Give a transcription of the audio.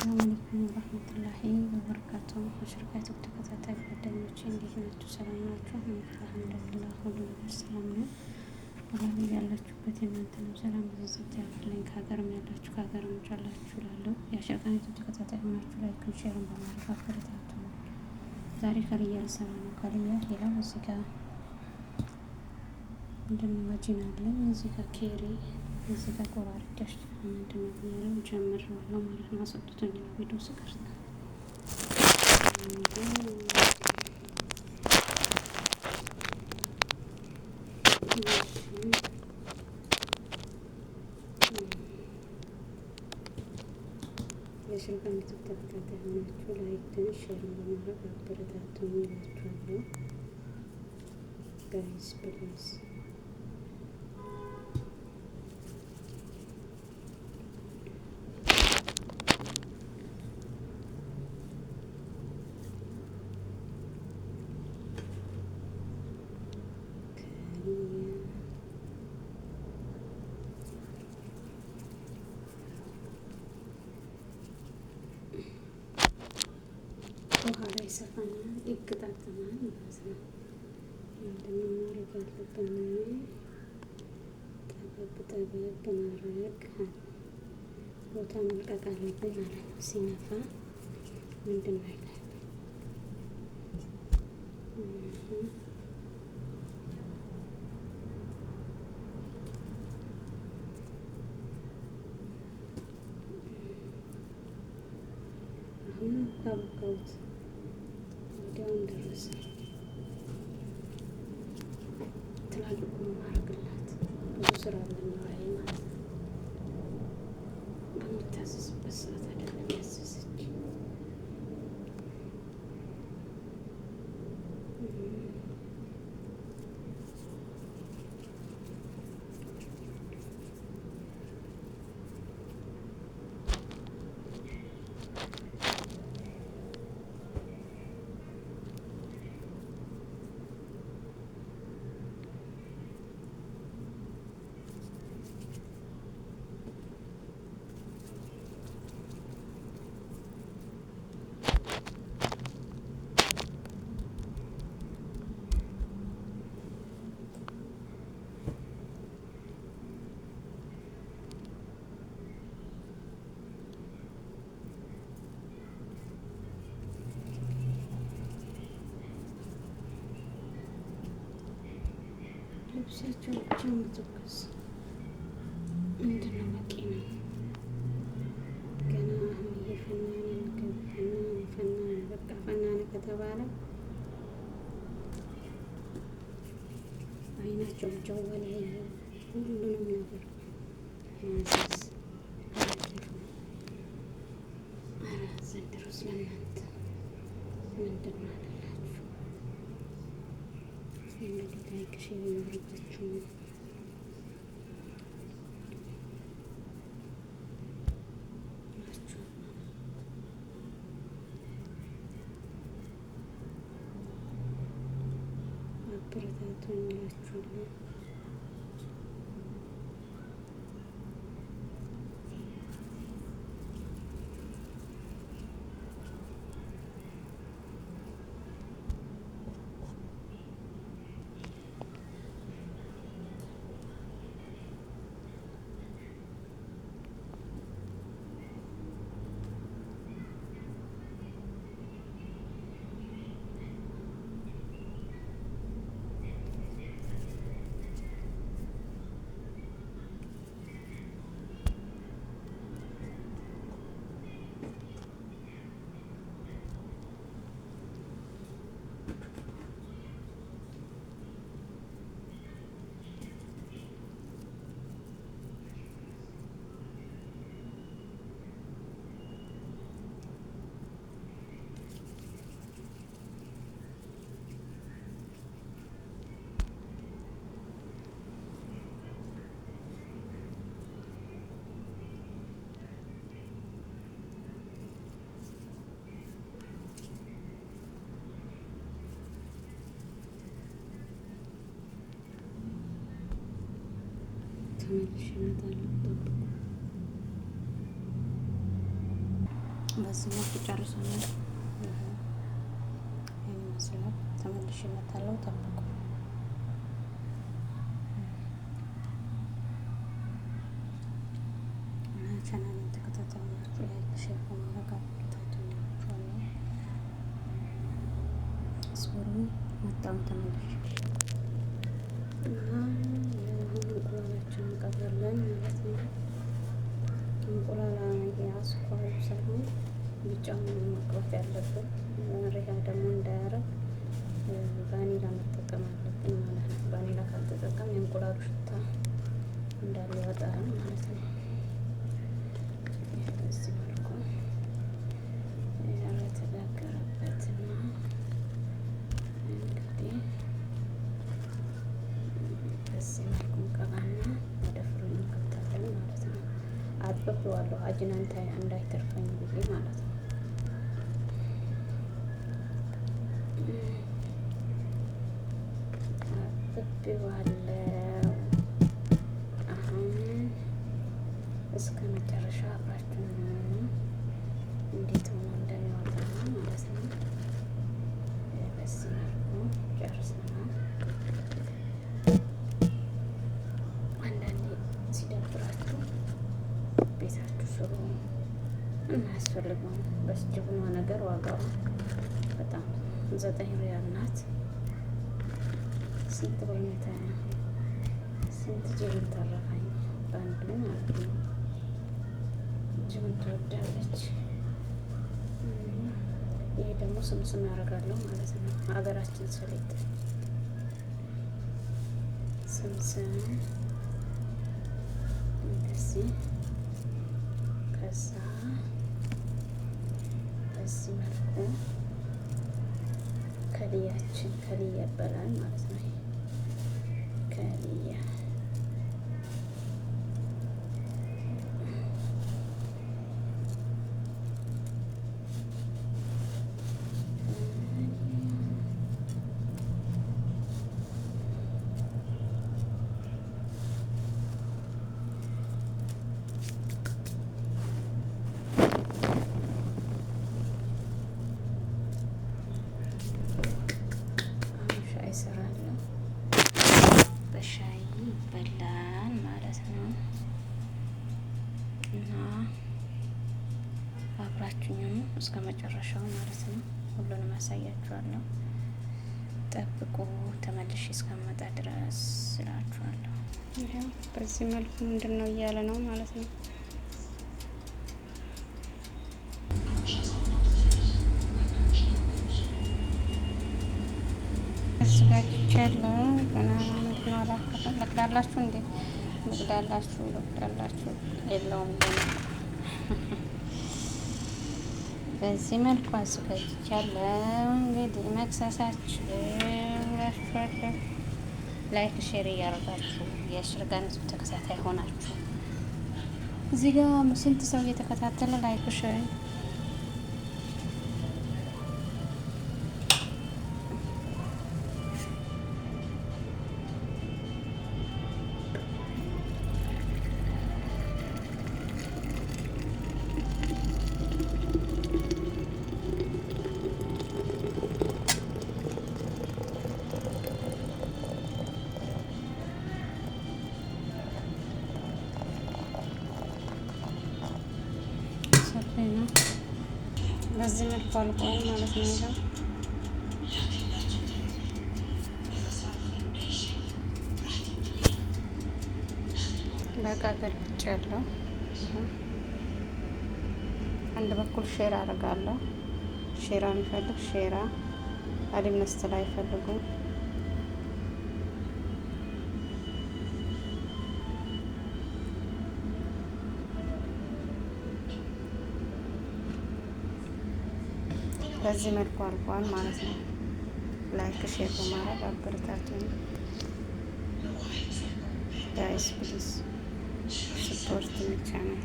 አሰላሙ አለይኩም ወረህመቱላሂ ወበረካቱ። በሽርጋቱ ተከታታይ ጓደኞች እንዴት ሰላም ናችሁ? አልሐምዱሊላህ ሁሉ ነገር ሰላም ነው። አላህ ያላችሁበት የእናንተንም ሰላም በዘት ያለኝ ከሀገርም ያላችሁ ከሀገርም ላለው ተከታታይ ሆናችሁ ሼርን በማድረግ አበረታቱ። ዛሬ ከልያ ልሰራ ነው። ከልያ እዚህ እዚህ ኬሪ እዚህ ጋር ቆራርጫሽ ምንድን ነው ያለው ጀምር ማለት ነው። አስወጡት ቪዲዮ ስቀርጥ የስር በምትብ ተከታታይ ሆናችሁ ላይክ ትንሽ በማድረግ ጋይስ ፕሊዝ Iksa fana iktatamaan, iksa fanaan, iksa fanaan, iksa fanaan, iksa fanaan, iksa fanaan, iksa fanaan, iksa fanaan, iksa fanaan, iksa fanaan, iksa ደረሰ። ትላልቁ ማረግላት ብዙ ስራ ሴቶች የምትኩስ ምንድነው በቂ ነው። ገና አሁን እየፈናን ከተባለ አይናቸው ጀው ወለ ሁሉንም ነገር ማዘዝ ዘንድሮስ ለእናንተ ምንድን ማለት እንግዲህ ላይክ ሽኝ ያድርጋችሁ። አበረታቱኝ እላችኋለሁ። ስሜትሽ ይመጣል። ጠብቁ። በዚህ መልክ ጨርሰናል። ይመስላል። ተመልሽ ይመጣለው። ጠብቁ። እና ቻናሌን ተከታተሉ። ላይክ፣ ሼር በማድረግ አበረታቱኛችኋለሁ። አስበሩኝ መጣውን ተመልሽ እና አሁን መቁረጥ ያለብን ሪሃ ደግሞ እንዳያረግ ቫኒላ መጠቀም አለብን ማለት ነው። ቫኒላ ካልተጠቀም የእንቁላሉ ሽታ እንዳለ ያወጣል ማለት ነው። በዚህ መልኩ እንዳይተርፈኝ ብዬ ማለት ነው። አድርጌዋለሁ። አሁን እስከ መጨረሻ አብራችሁ እንዴት ሆኖ እንደሚወጣ ማለት ነው። በዚህ መልኩ ጨርሰናል። አንዳንዴ ሲደብራችሁ ቤታችሁ ስሩ። እናያስፈልገው በስጅ ሆኖ ነገር ዋጋው በጣም ዘጠኝ ሪያል ናት። ስንት በሁኔታ ስንት ጅብን ተረፋኝ በአንዱ ማለት ነው። ጅብን ትወዳለች። ይሄ ደግሞ ስምስም ያደርጋለሁ ማለት ነው። ሀገራችን ሰሊጥ ስምስም እንደዚህ ከዛ በዚህ መልኩ ከልያችን ከልያ ይበላል ማለት ነው። 哎呀。እና አብራችሁኝ እስከ መጨረሻው ማለት ነው። ሁሉንም አሳያችኋለሁ። ጠብቁ፣ ተመልሼ እስከመጣ ድረስ ስላችኋለሁ። ይሄው በዚህ መልኩ ምንድን ነው እያለ ነው ማለት ነው። አዘጋጅቻለሁ ገና ነው። እንዴ ልጉዳላችሁ ልጉዳላችሁ የለውም። በዚህ መልኩ አዘጋጅቻለሁ። እንግዲህ መክሰሳችሁ ላችኋለሁ። ላይክ ሼር እያደረጋችሁ የአሽርጋን ህዝብ ተከታታይ ሆናችሁ እዚህ ጋር ስንት ሰው እየተከታተለ ላይክ ሼር በዚህ መልኩ አልቋል ማለት ነው። ይሄው በቃ ገልብጭ ያለው አንድ በኩል ሼራ አደርጋለሁ። ሼራ የሚፈልግ ሼራ አሊምነስት ላይ አይፈልጉም። በዚህ መልኩ አልቋል ማለት ነው። ላይክ ሼር በማድረግ አበረታቱኝ ጋይስ ፕሊዝ ስፖርት ቻናል